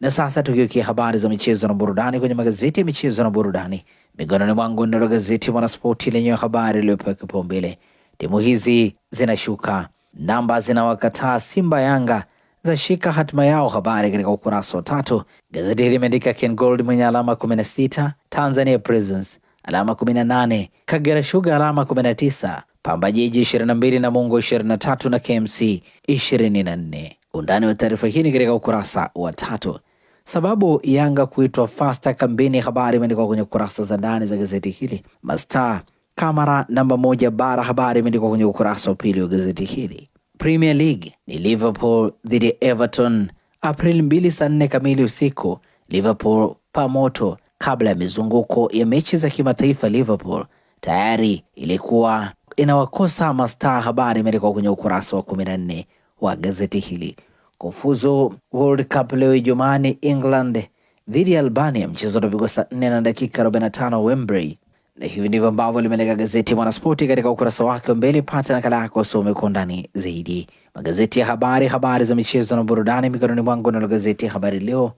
Na sasa tukiukia habari za michezo na burudani kwenye magazeti ya michezo na burudani, mikononi mwangu ndilo gazeti Mwanaspoti lenye habari iliyopewa kipaumbele. Timu hizi zinashuka namba, zinawakataa Simba, Yanga zashika hatima yao. Habari katika ukurasa wa tatu. Gazeti hili limeandika Ken Gold mwenye alama kumi na sita Tanzania Prisons alama kumi na nane Kagera Sugar alama kumi na tisa Pamba Jiji ishirini na mbili na Mungo ishirini na tatu na KMC ishirini na nne. Undani wa taarifa hii ni katika ukurasa wa tatu. Sababu Yanga kuitwa fasta kambini, habari imeandikwa kwenye kurasa za ndani za gazeti hili. Mastaa Kamara namba moja bara, habari imeandikwa kwenye ukurasa wa pili wa gazeti hili. Premier League ni Liverpool dhidi ya Everton april mbili saa nne kamili usiku. Liverpool pa moto. Kabla ya mizunguko ya mechi za kimataifa, Liverpool tayari ilikuwa inawakosa mastaa, habari imeandikwa kwenye ukurasa wa kumi na nne wa gazeti hili kufuzu World Cup leo Ijumaa ni England dhidi ya Albania, mchezo utapigwa saa 4 na dakika 45 Wembley. Na hivi ndivyo ambavyo limeleka gazeti Mwanaspoti katika ukurasa wake wa mbele. Pata nakala yako usome kwa undani zaidi. Magazeti ya habari, habari za michezo na burudani mikononi mwangu, nalo gazeti ya Habari Leo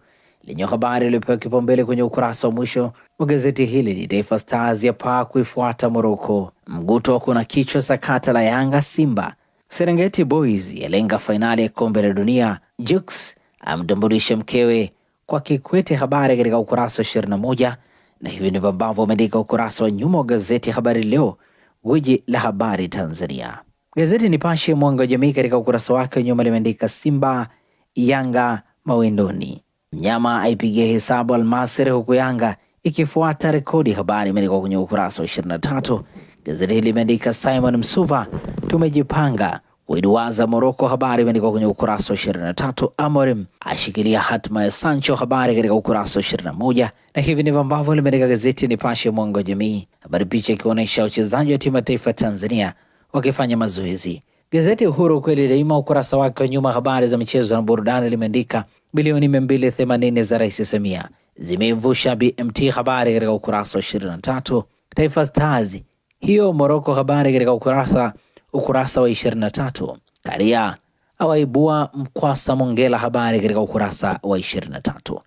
lenye habari iliyopewa kipaumbele kwenye ukurasa wa mwisho wa gazeti hili ni Taifa Stars ya paa kuifuata Moroko, mguto wa kuna kichwa sakata la Yanga Simba Serengeti Boys yalenga fainali ya kombe la dunia. Jux amtambulisha mkewe kwa Kikwete, habari katika ukurasa wa ishirini na moja na hivi ndivyo ambavyo umeandika ukurasa wa nyuma wa gazeti Habari Leo, gwiji la habari Tanzania. Gazeti Nipashe mwanga wa jamii katika ukurasa wake wa nyuma limeandika Simba Yanga mawindoni, mnyama aipigia hesabu Almasri huku Yanga ikifuata rekodi. Habari imeandikwa kwenye ukurasa wa 23. Gazeti hili limeandika Simon Msuva tumejipanga kuiduaza Moroko. Habari imeandikwa kwenye ukurasa wa tatu. Amorim ashikilia hatima ya Sancho, habari katika ukurasa wa 21, na hivi ndivyo ambavyo limeandika gazeti Nipashe Mwanga wa Jamii, habari picha ikionyesha wachezaji wa timu ya taifa Tanzania wakifanya mazoezi. Gazeti Uhuru kweli daima, ukurasa wake wa nyuma, habari za michezo na burudani, limeandika bilioni themanini za Rais Samia zimeivusha BMT, habari katika ukurasa wa tatu. Taifa Stars hiyo Moroko, habari katika ukurasa ukurasa wa 23. Karia awaibua mkwasa Mongela, habari katika ukurasa wa 23.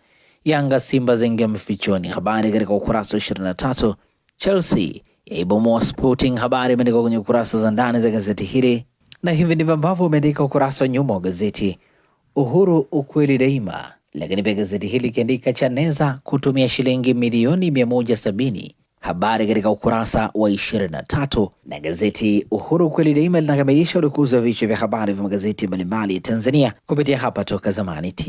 Yanga Simba zaingia mfichoni habari katika ukurasa wa 23. Chelsea yaibomoa Sporting, habari imeandikwa kwenye ukurasa za ndani za gazeti hili, na hivi ndivyo ambavyo umeandika ukurasa wa nyuma wa gazeti Uhuru, ukweli daima. Lakini pia gazeti hili ikiandika Chaneza kutumia shilingi milioni sabini habari katika ukurasa wa 23 na gazeti Uhuru kweli daima linakamilisha udukuzi wa vichwa vya habari vya magazeti mbalimbali ya Tanzania kupitia hapa Toka Zamani TV.